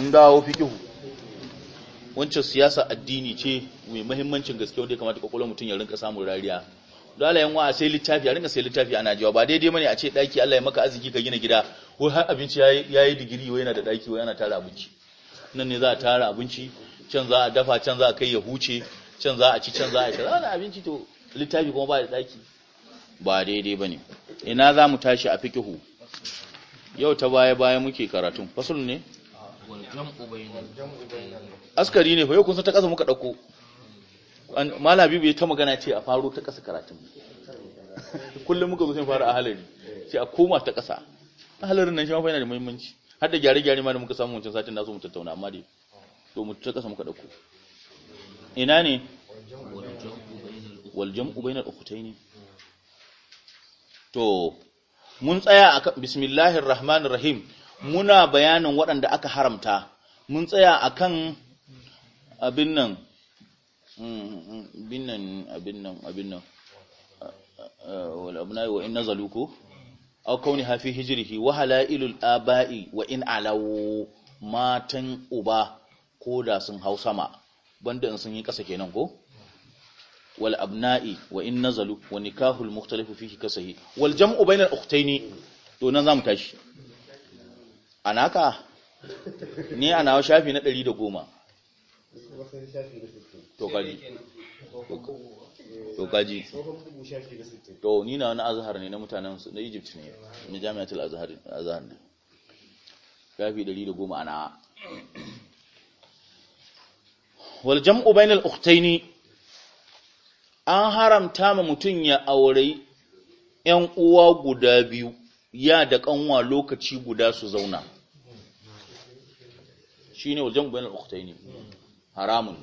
mun dawo fikihu wancan siyasa addini ce mai muhimmancin gaske wanda ya kamata kwakwalwar mutum ya rinka samun rariya dole yan wa sai littafi a rinka sai littafi ana jiwa ba daidai bane a ce daki Allah ya maka arziki ka gina gida ko har abinci yayi digiri wai yana da daki wai yana tara abinci nan ne za a tara abinci can za a dafa can za a kai ya huce can za a ci can za a ci za abinci to littafi kuma ba da daki ba daidai bane ina za mu tashi a fikihu yau ta baya baya muke karatun fasul ne askari ne fa yau ta ƙasa muka ɗauko mala biyu ta magana ce a faro ta ƙasa karatun kullum muka zuwa fara a halari ce a koma ta ƙasa a halarin nan shi ma yana da muhimmanci har da gyare-gyare ma da muka samu wancan satin na so mu tattauna amma da to mu ta ƙasa muka ɗauko ina ne waljan ubainar bainal ne. to mun tsaya a bismillahir rahmanir rahim muna bayanin waɗanda aka haramta mun tsaya akan abin nan abin nan abin nan abin nan wal abnai wa in nazalu ko aw kauniha fi hijrihi wa halailul aba'i wa in alaw matan uba ko da sun hau sama banda in sun yi ƙasa kenan ko wal abna'i wa in nazalu wa nikahul mukhtalifu fihi kasahi wal jam'u bainal ukhtaini to nan zamu tashi a naka ni a nawa shafi na ɗari da goma to kaji to kaji to ni na wani azhar ne na mutanen su na egypt ne na jami'atul azhar ne shafi ɗari da goma a nawa wal jam'u bainal ukhtaini an haramta ma mutun ya aure 'yan uwa guda biyu ya da kanwa lokaci guda su zauna shine wajen bayan al-ukhtaini haramun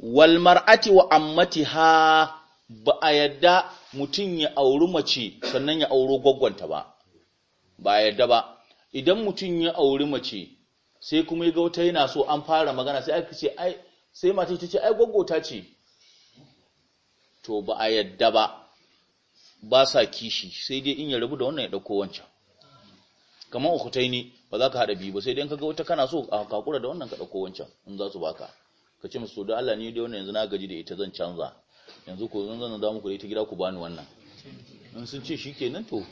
wal mar'ati wa ammatiha ba a yadda mutum ya auri mace sannan ya auro gwaggwanta ba ba a yadda ba idan mutum ya auri mace sai kuma ya ga yana so an fara magana sai aka ce ai sai mata ta ce ai gwaggota ce to ba a yadda ba ba sa kishi sai dai in ya rabu da wannan ya dauko wancan kamar ukutai ne ba za ka haɗa biyu ba sai dai in kaga wata kana so a kakura da wannan ka dauko wancan in za su baka ka ce musu da Allah ni dai wannan yanzu na gaji da ita zan canza yanzu ko zan zan da muku da ita gida ku bani wannan in sun ce shikenan to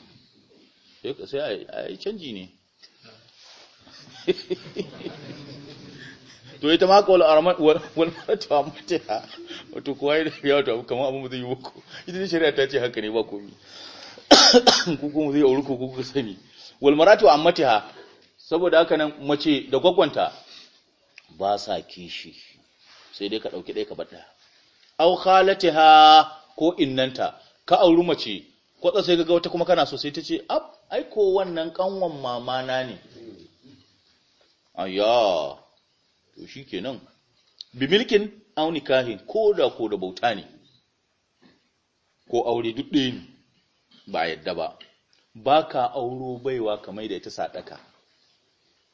sai a yi canji ne to ita ma ka wal arman wal mata wato kuwa ya biya wato abu kamar abin zai yi wako ita shari'a ta ce haka ne ba komi ku kuma zai auri ku sami? sani wal maratu ha saboda haka nan mace da gwagwanta ba sa kishi sai dai ka dauki dai ka bada aw ha ko innanta ka auri mace kwatsa sai kaga wata kuma kana so sai ta ce ab ai ko wannan kanwan mama na ne ayya to shikenan bi milkin auni kahin ko da ko da bauta ne ko aure duk da ne ba yadda ba ba ka auro baiwa kamar da ita sadaka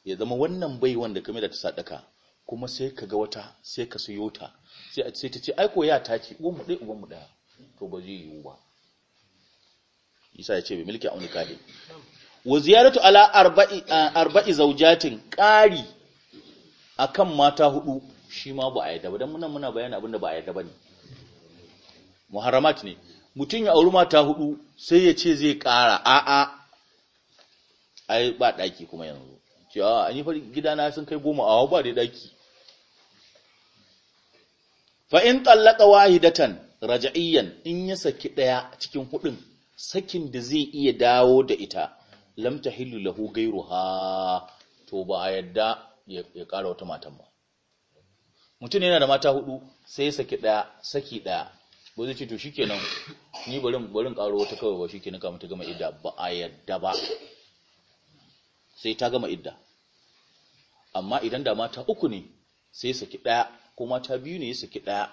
ya zama wannan baiwan da kamar da ta sadaka kuma sai ka ga wata sai ka suyo ta sai a sai ta ce ai ko ya tace uwan mu dai uwan mu to ba zai yiwu ba Isa ya ce bai milki auni kahin wa ziyaratu ala arba'i arba'i zawjatin qari akan mata hudu shi ma ba a yadda ba don muna muna bayan abinda ba a yadda ba ne muharramat ne mutum ya auri mata hudu sai ya ce zai kara a'a ai ba daki kuma yanzu ce a yi fari gidana sun kai goma awa ba da daki fain in wahidatan raja'iyyan in ya saki daya cikin hudun sakin da zai iya dawo da ita lamta tahillu lahu ha, to ba a yadda ya kara wata matan ba mutum yana da mata hudu sai ya saki daya saki daya ba zai ce to shikenan ni bari bari karo wata kawai ba shikenan kamar ta gama idda ba a yadda ba sai ta gama idda amma idan da mata uku ne sai ya saki daya ko mata biyu ne ya saki daya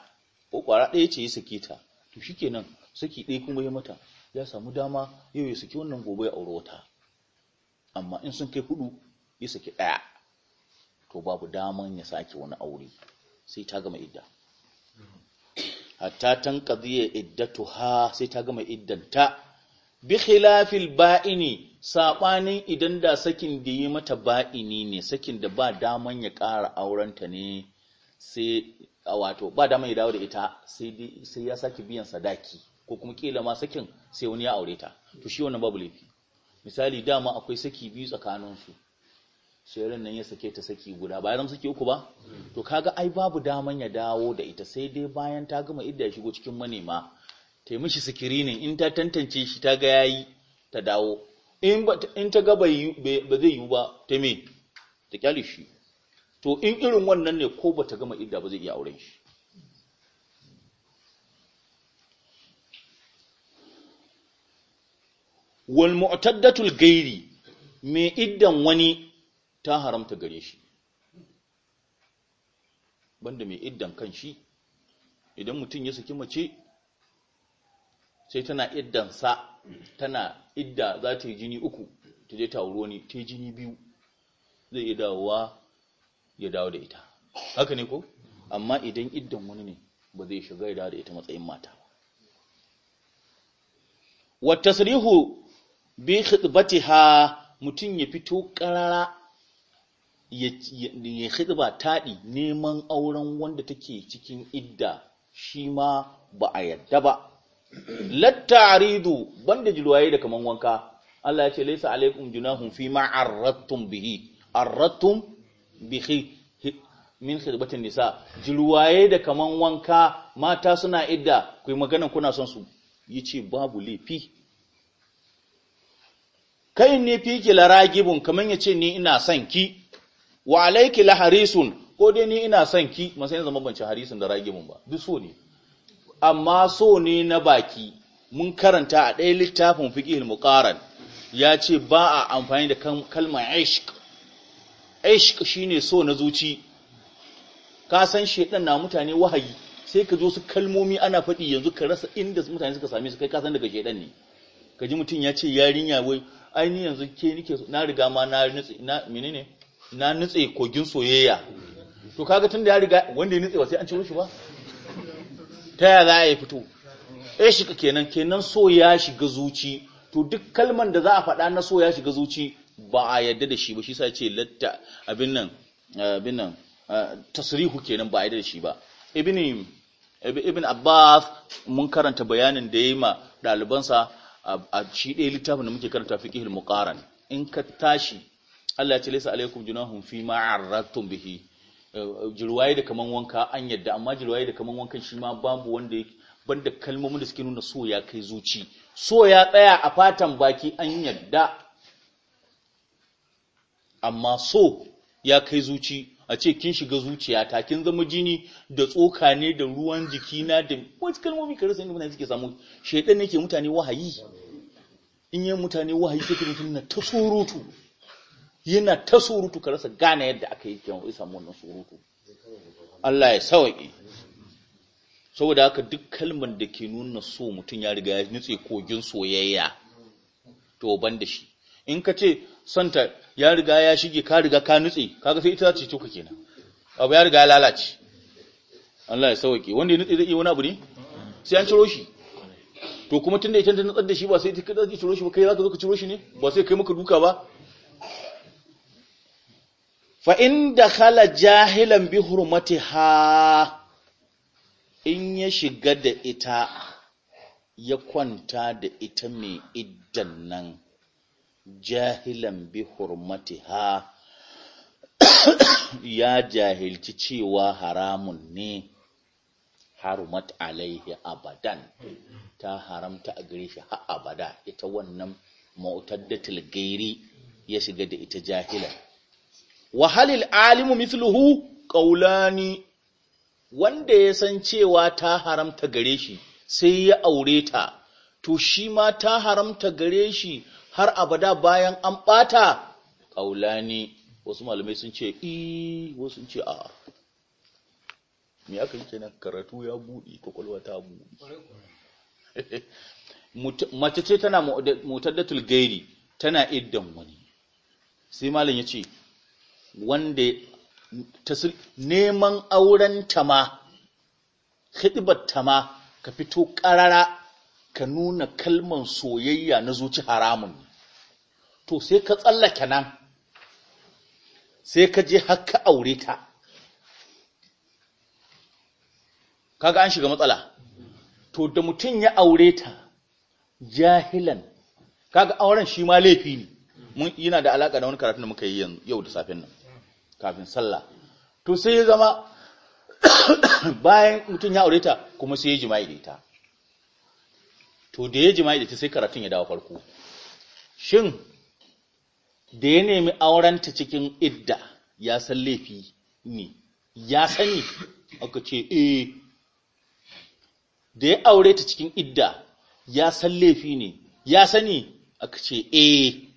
ko kwara daya ce ya saki ta to shikenan saki daya kuma ya mata ya samu dama yau ya saki wannan gobe ya aure wata amma in sun kai hudu ya saki daya to babu daman ya sake wani aure sai ta gama idda hatta tanqadiya iddatuha sai ta gama iddanta bi khilafil ba'ini sabanin idan da sakin da yi mata ba'ini ne sakin da ba daman ya ƙara aurenta ne sai wato ba daman ya dawo da ita sai sai ya saki biyan sadaki ko kuma kila ma sakin sai wani ya aure ta to shi wannan babu laifi misali dama akwai saki biyu tsakaninsu sai nan ya sake ta saki guda ba ya zama saki uku ba to kaga ai babu daman ya dawo da ita sai dai bayan ta gama idda ya shigo cikin manema ta yi mishi sikirinin in ta tantance shi ta ga yayi ta dawo in ta ga ba zai yiwu ba ta me ta kyale shi to in irin wannan ne ko ba ta gama idda ba zai iya auren shi wal mu'taddatul ghairi me iddan wani ta haramta gare shi banda mai iddan kan shi idan mutum ya saki mace sai tana iddan sa tana idda za ta yi jini uku ta je ta auri wani ta yi jini biyu zai yi dawowa ya dawo da ita haka ne ko amma idan iddan wani ne ba zai shiga ya dawo da ita matsayin mata wa tasrihu bi ha mutum ya fito karara ya hidba taɗi neman auren wanda take cikin idda shi ma ba a yadda ba lattaridu banda jirwaye da kaman wanka Allah ya ce laisa alaikum junahun fi ma arrattum bihi arrattum bihi min khidbatin nisa jirwaye da kaman wanka mata suna idda ku yi magana kuna son su yi ce babu laifi kai ne fi ki laragibun kaman ce ni ina son ki wa alayki la harisun ko dai ni ina son ki masan zama ban ci harisun da ragimin ba duk so ne amma so ne na baki mun karanta a ɗaya littafin fiqhil muqaran ya ce ba a amfani da kalmar ishq ishq shine so na zuci ka san shedan na mutane wahayi sai ka zo su kalmomi ana faɗi yanzu ka rasa inda mutane suka same su kai ka san daga shedan ne ka ji mutum ya ce yarinya wai ai ni yanzu ke nike na riga ma na menene na nutse kogin soyayya to kaga tunda ya riga wanda ya nutse ba sai an ciro shi ba ta ya za a yi fito eh shi kenan kenan so ya shiga zuci to duk kalman da za a faɗa na so ya shiga zuci ba a yadda da shi ba shi sa ce latta abin nan abin nan tasrihu kenan ba a yadda da shi ba ibni ibn abbas mun karanta bayanin da yayi ma ɗalibansa a shi ɗaya littafin da muke karanta fiqhul muqaran in ka tashi Allah ya ce laysa alaikum junahun fi ma arradtum bihi eh, jirwaye da kaman wanka an yadda amma jirwaye da kaman wankan shi ma babu wanda yake banda kalmomin da suke nuna so ya kai zuci so ya tsaya a fatan baki an yadda amma so ya kai zuci a ce kin shiga zuciyata kin zama jini da tsoka ne da ruwan jikina da wasu kalmomi kare sai mutane suke samu shedan nake mutane wahayi in yi mutane wahayi suke mutum na ta surutu yana ta surutu ka rasa gane yadda aka yi kyan isa wannan surutu Allah ya sawaƙi saboda haka duk kalmar da ke nuna so mutum ya riga ya nutse kogin soyayya to ban da shi in ka ce santa ya riga ya shige ka riga ka nutse kaga sai ita ce to kenan abu ya riga ya lalace Allah ya sauke wanda ya nutse zai yi wani abu ne sai an ciro shi to kuma tunda ita ta nutsar da shi ba sai ta ciro shi ba kai zaka zo ka ciro shi ne ba sai kai maka duka ba fa inda khala jahilan bi hurmatiha in ya shiga da ita ya kwanta da ita mai iddan nan jahilan bi hurmatiha ya jahilci cewa haramun ne harumat alaihi abadan ta haramta a gare shi har abada ita wannan da gairi ya shiga da ita jahilan wa halil alimu mithluhu qaulani wanda ya san cewa ta haramta gare shi sai ya aure ta to shi ma ta haramta gare shi har abada bayan an ɓata ƙaulani wasu malamai sun ce i e, wasu sun ce a me aka yi kenan karatu ya buɗe kokolwa ta buɗe mace ce tana mutaddatul gairi tana iddan wani sai malam ya ce wanda neman auren ma hidibar ma ka fito ƙarara ka nuna kalman soyayya na zuci haramun to sai ka tsallake nan sai ka je haka aure ta kaga an shiga matsala to da mutum ya aure ta jahilan kaga auren shi ma laifi ne mun yana da alaka da wani karatu da muka yi yau da safin nan kafin sallah to sai ya zama bayan mutum ya aure ta kuma sai ya jima'i da ita to da ya jima'i da ita sai karatun ya dawo farko shin da ya nemi aurenta cikin idda ya san laifi ne ya sani aka ce eh da ya aure ta cikin idda ya san laifi ne ya sani aka ce eh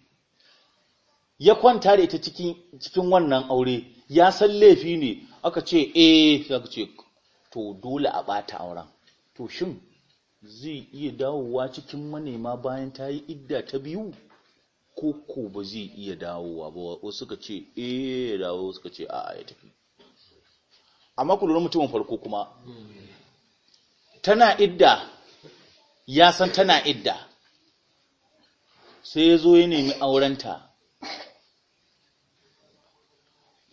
ya kwanta da ita cikin wannan aure ya san laifi ne aka ce eh aka ce to dole a bata auren to shin zai iya dawowa cikin manema bayan ta yi idda ta biyu ko ko ba zai iya dawowa ba wasu suka ce eh dawo suka ce a'a ya tafi amma ku lura mutumin farko kuma tana idda ya san tana idda sai ya zo ya nemi aurenta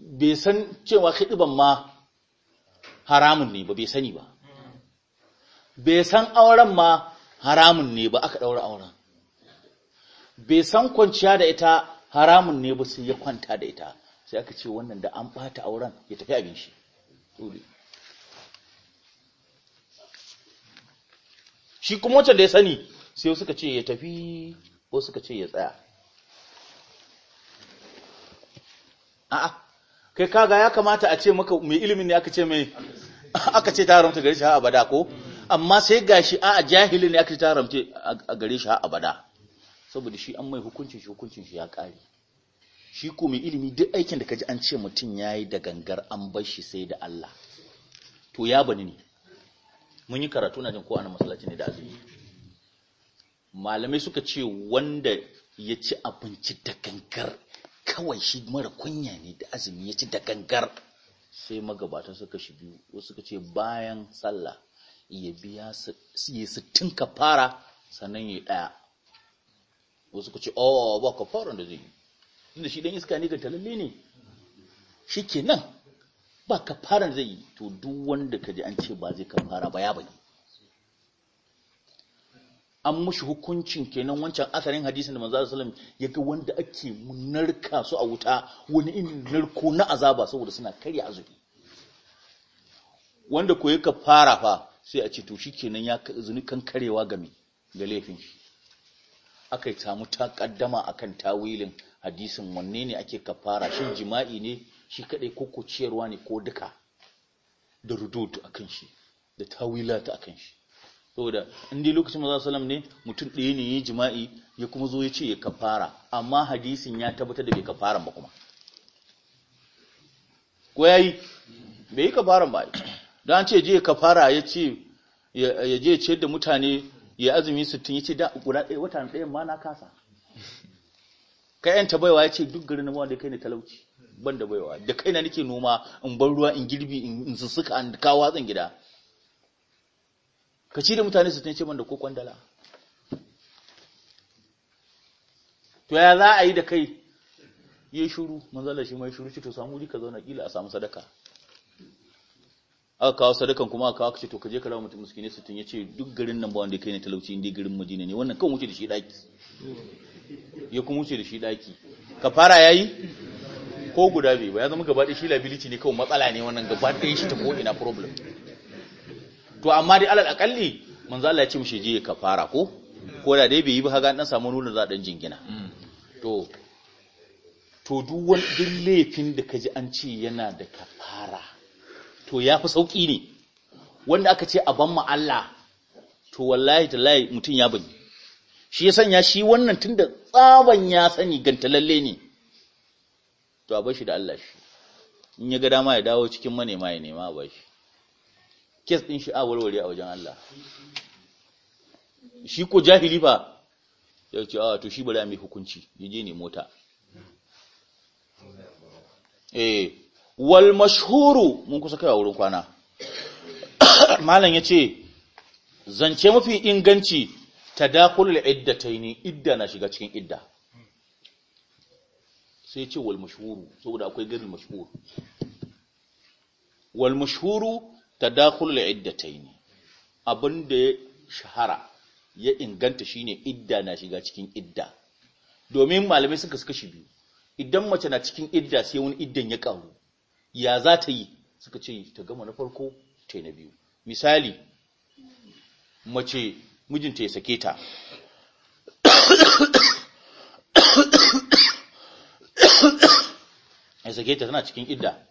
bai san cewa hidiban ma haramun ne ba bai sani ba bai san auren ma haramun ne ba aka daura auren bai san kwanciya da ita haramun ne ba sai ya kwanta da ita sai aka ce wannan da an bata auren ya tafi abin shi shi kuma wancan da ya sani sai suka ce ya tafi ko suka ce ya tsaya a'a kai kaga ya kamata a ce maka mai ilimin ne aka ce mai aka ce ta haramta gare shi har abada ko amma sai gashi a jahili ne aka ce ta haramta a gare shi har abada saboda shi an mai hukuncin shi hukuncin shi ya kare shi ko mai ilimi duk aikin da kaji an ce mutum yayi da gangar an bar shi sai da Allah to ya bani ne mun yi karatu na jin ko ana masallaci ne da azumi malamai suka ce wanda ya ci abinci da gangar kawai shi mara kunya ne da azumi ya ci da gangar sai magabata suka shi biyu wasu suka ce bayan sallah ya biya su yi sittin kafara sannan ya ɗaya wasu suka ce oh ba kafaran da zai yi inda shi dan iska ne ga talalle ne shikenan ba kafaran zai yi to duk wanda ka ji an ce ba zai kafara ba ya bane an mushi hukuncin kenan wancan asarin hadisin da manzo sallam ya ga wanda ake munarka su a wuta wani irin narko na azaba saboda suna karya azumi wanda ko yaka fara fa sai a ce to shikenan ya zuni kan karewa game ga laifin shi akai samu kaddama akan tawilin hadisin wanne ne ake kafara shin jima'i ne shi kadai ko kuciyarwa ne ko duka da rudutu akan shi da tawilata akan shi saboda inda dai lokacin maza salam ne mutum ɗaya ne ya jima'i ya kuma zo ya ce ya kafara amma hadisin ya tabbatar da bai kafara ba kuma ko yi bai yi kafaran ba don an ce je kafara ya ce ya je ce da mutane ya azumi sittin ya ce da guda ɗaya watan ɗaya ma na kasa ka yan tabaiwa ya ce duk garin na da kai ne talauci ban da baiwa da kaina nake noma in bar ruwa in girbi in sussuka an kawo hatsin gida ka ci da mutane su ce ban da ko kwandala to ya za a yi da kai yi shuru manzala shi mai shuru ce to samu rika zauna kila a samu sadaka aka kawo sadakan kuma aka kawo ce to kaje ka rawa mutum miskine sittin ya ce duk garin nan ba wanda kai ne talauci inda garin madina ne wannan kan wuce da shi daki ya kuma wuce da shi daki ka fara yayi ko guda bai ba ya zama gaba ɗaya shi labiliti ne kawai matsala ne wannan gaba ɗaya shi ta ko ina problem to amma dai alal akalli manzo Allah ya ce mushi je ka fara ko ko da dai bai yi ba ga dan samu nuna za dan jingina hmm. to to duk wani laifin da kaji an ce yana da kafara to yafi sauki ne wanda aka ce a ban Allah to wallahi tallahi mutun ya bani shi ya sanya shi wannan tunda tsaban ya sani ganta lalle ne to a bar da Allah shi in ya ga dama ya dawo cikin manema ya nema a bar kes din shi a walwale a wajen Allah shi ko jahili fa ya ce a ah, to shi bala mai hukunci yaje ne mota eh wal mashhuru mun kusa kai a wurin kwana malam yace zance mafi inganci tadakhulul iddataini idda na shiga cikin idda sai ce wal mashhuru saboda akwai garin mashhuru wal mashhuru tadakhulul iddatayn abin da ya shahara ya inganta shine idda na shiga cikin idda domin malamai suka suka shi biyu idan mace na cikin idda sai wani iddan ya karu ya za ta yi suka ce ta gama na farko ta na biyu misali mace mijinta ya sake ta ya sake ta tana cikin idda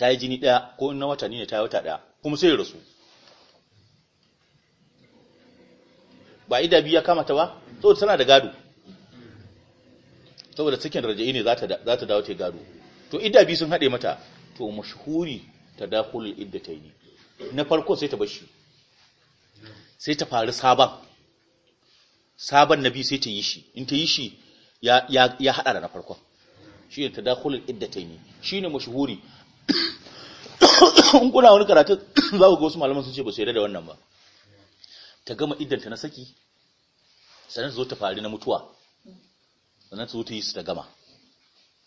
ta yi jini ɗaya ko na watanni ne ta yi wata ɗaya kuma sai ya rasu ba ida biyu ya kamata ba saboda tana da gado saboda cikin raja'i ne za ta dawo ta gado to ida biyu sun haɗe mata to mashahuri ta ta iddataini na farko sai ta bashi sai ta faru sabon sabon na biyu sai ta yi shi in ta yi shi ya haɗa da na farkon shi ne ta ta iddataini shi ne mashahuri in kuna wani karatu za ku ga wasu malaman sun ce ba su yarda da wannan ba ta gama idanta na saki sannan zo ta fari na mutuwa sannan zo ta yi su ta gama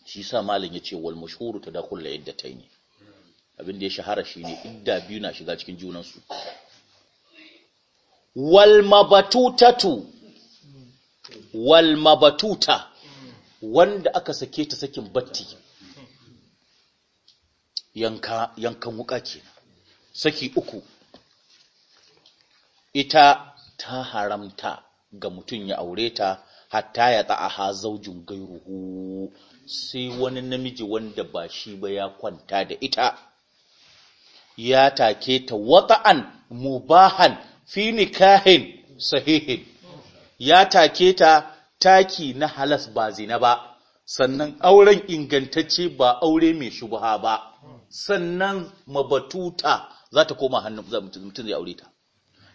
shi sa malam ya ce wal mashhuru da la yi. abin da ya shahara shi ne idda biyu na shiga cikin junansu wal mabatutatu wal mabatuta wanda aka sake ta sakin batti yanka yankan wuka kenan saki uku ita ta haramta ga mutum ya aure ta hatta ya aha zaujin gairuhu sai wani namiji wanda ba shi ba ya kwanta da ita ya take ta wata'an mubahan fi nikahin sahihin ya take ta taki na halas ba zina ba sannan auren ingantacce ba aure mai shubha ba sannan mabatuta za ta koma hannun mutum zai aure ta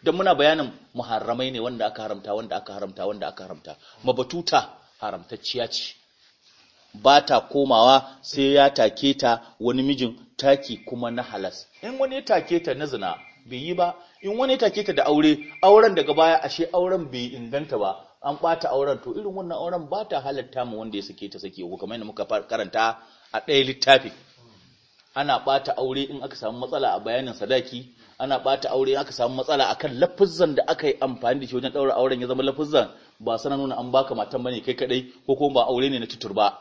don muna bayanin muharramai ne wanda aka haramta wanda aka haramta wanda aka haramta mabatuta haramtacciya ce ba ta komawa sai ya take ta wani mijin taki kuma na halas in wani ya take ta na zina bai yi ba in wani ya take ta da aure auren daga baya ashe auren bai inganta ba an bata auren to irin wannan auren ba ta halatta mu wanda ya sake ta sake ko kamar muka karanta a ɗaya littafin ana ɓata aure in aka samu matsala a bayanin sadaki ana ɓata aure in aka samu matsala akan lafuzzan da aka yi amfani da shi wajen ɗaura auren ya zama lafuzzan ba sana nuna an baka matan bane kai kadai ko kuma ba aure ne na tutur ba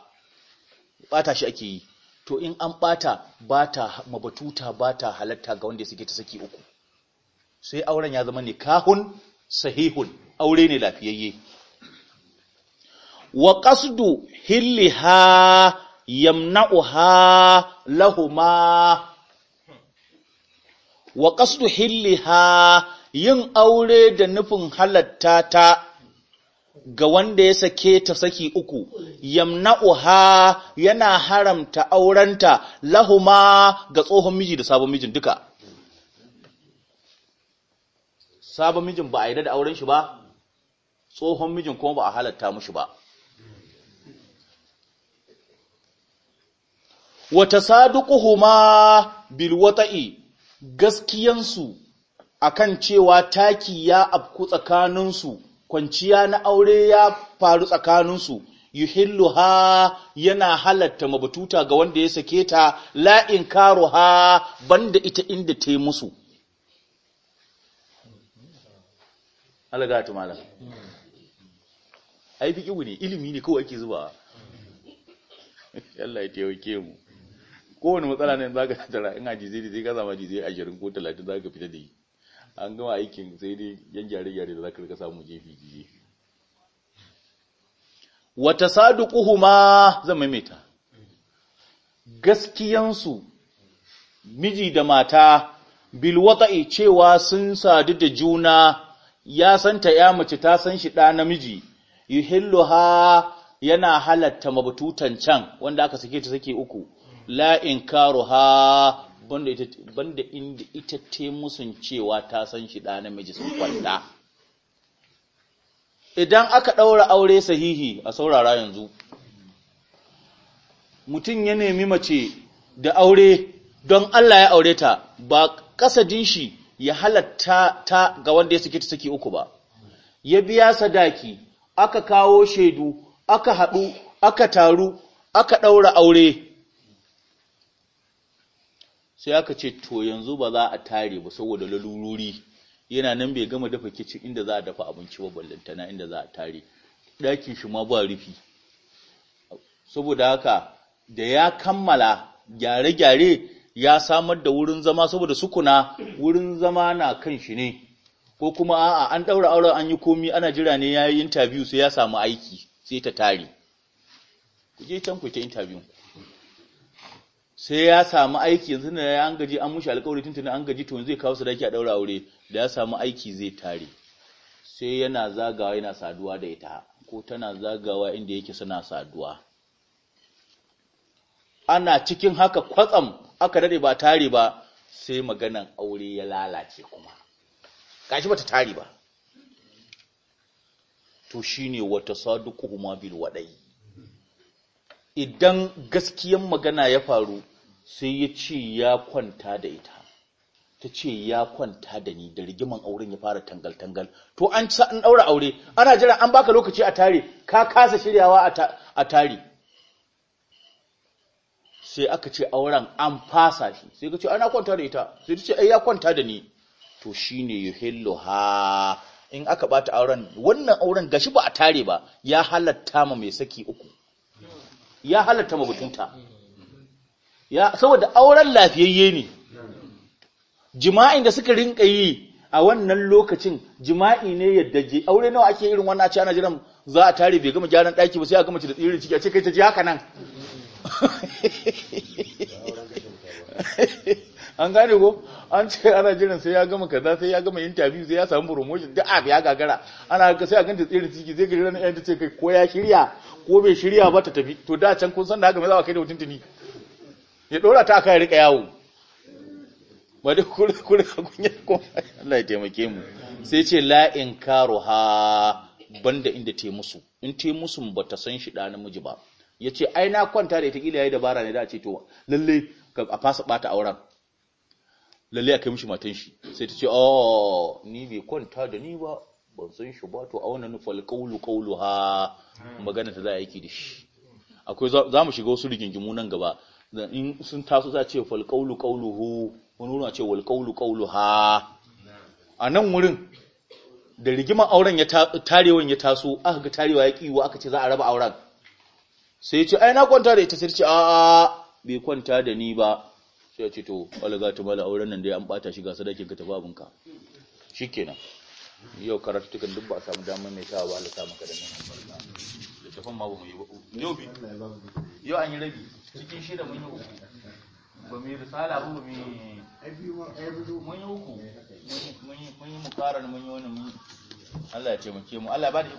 ɓata shi ake yi to in an ɓata ba ta mabatuta ba ta halatta ga wanda suke ta saki uku sai auren ya zama nikahun sahihun aure ne lafiyayye wa qasdu hilliha yamna'uha lahuma wa qasdu hilliha yin aure da nufin halatta ta ga wanda ya sake ta saki uku yamna'uha yana haramta aurenta lahuma ga tsohon miji da sabon mijin duka sabon mijin ba a yi da auren shi ba tsohon mijin kuma ba a halatta mushi ba wa huma bil wata'i gaskiyansu a kan cewa taki ya afku tsakaninsu kwanciya na aure ya faru tsakaninsu yuhilluha yana halatta mabututa ga wanda ya sake ta la inkaruha banda ita inda ta yi musu alagatu malam ai fi ne ilimi ne kawai ake zuba Allah ya taimake mu kowane matsala ne za ka tara in a zai sai ma zama jiziri ashirin ko talatin za ka fita da yi an gama aikin sai dai yan gyare-gyare da za ka rika samu jefi jizi. wata ma zan maimaita gaskiyansu miji da mata bilwata wata'i cewa sun sadu da juna ya santa ya mace ta san shi da namiji yuhilluha yana halatta mabututan can wanda aka sake ta sake uku la in banda ha banda inda ita te musun cewa ta san shi da namiji sun kwanta idan aka daura aure sahihi a saurara yanzu mutum ya nemi mace da aure don Allah ya aure ta ba kasadin shi ya halatta ta ga wanda ya saki ta saki uku ba ya biya sadaki aka kawo shaidu aka haɗu aka taru aka ɗaura aure sai aka ce to yanzu ba za a tare ba saboda lalururi yana nan bai gama dafa kicin inda za a dafa abinci ba ballantana inda za a tare ɗakin shi ma ba rufi saboda haka da ya kammala gyare-gyare ya samar da wurin zama saboda sukuna wurin zama na kan shi ne ko kuma a'a an ɗaura auren an yi komi ana jira ne ya yi intabiyu sai ya samu aiki sai ta tare ku je can ku ta interview sai ya samu aiki yanzu da ya an gaji an mushi alƙawari tun an gaji to zai kawo sadaki a daura aure da ya samu aiki zai tare sai yana zagawa yana saduwa da ita ko tana zagawa inda yake suna saduwa ana cikin haka kwatsam aka dade ba tare ba sai maganan aure ya lalace kuma gashi bata tare ba to shine wata saduquhuma bil wada'i idan gaskiyan magana ya faru sai ya ce ya kwanta da ita ta ce ya kwanta da ni da rigiman auren ya fara tangal-tangal to an ci an daura aure ana jira an baka lokaci a tare ka kasa shiryawa a tare sai aka ce auren an fasa shi sai ka ce ana kwanta da ita sai ta ce ai ya kwanta da ni to shine yuhillu ha in aka bata auren wannan auren gashi ba a tare ba ya halatta ma mai saki uku ya halatta mabutunta ya saboda auren lafiyayye ne jima'in da suka rinka yi a wannan lokacin jima'i ne yadda je aure nawa ake irin wannan a ci jiran za a tare bai gama gyaran ɗaki ba sai a gama ci da tsirin ciki a ce kai ta ji haka nan an gane ko an ce ana jiran sai ya gama kaza sai ya gama interview sai ya samu promotion duk abu ya gagara ana ga sai a ganta tsirin ciki zai gari ranar ta ce kai ko ya shirya ko bai shirya ba ta tafi to da can kun san da haka mai zawa kai da tuni ya dora ta aka rika yawo ba duk kure kure kunya ko Allah ya taimake mu sai ce la inkaruha banda inda te musu in te musu ta san shi da namiji ba yace ai na kwanta da ita kila yayi dabara ne da ce to lalle a fasa bata auren lalle aka mishi matan shi sai ta ce oh ni bai kwanta da ni ba ban san shi ba to a wannan fal qawlu qawluha magana ta za a yi ki da shi akwai za mu shiga wasu rigingimu nan gaba in sun taso za a ce fal qawlu qawluhu wani wurin a ce wal qawlu qawluha a nan wurin da rigimar auren ya tarewan ya taso aka ga tarewa ya kiwo aka ce za a raba auren sai ya ce ai na kwanta da ita sai ce a a bai kwanta da ni ba sai ya ce to alaga ta mala auren nan dai an bata shiga sadakin ka tafi abinka shikenan yau karatu tukan duk ba a samu damar mai sawa ba Allah ta maka da nan littafin ma ba mu yi ba yau bi yau an yi rabi cikin shida mun yi uku ba mu yi risala ba ba mu yi mun yi uku mun yi mukarar mun yi wani mun Allah ya taimake mu Allah ya ba da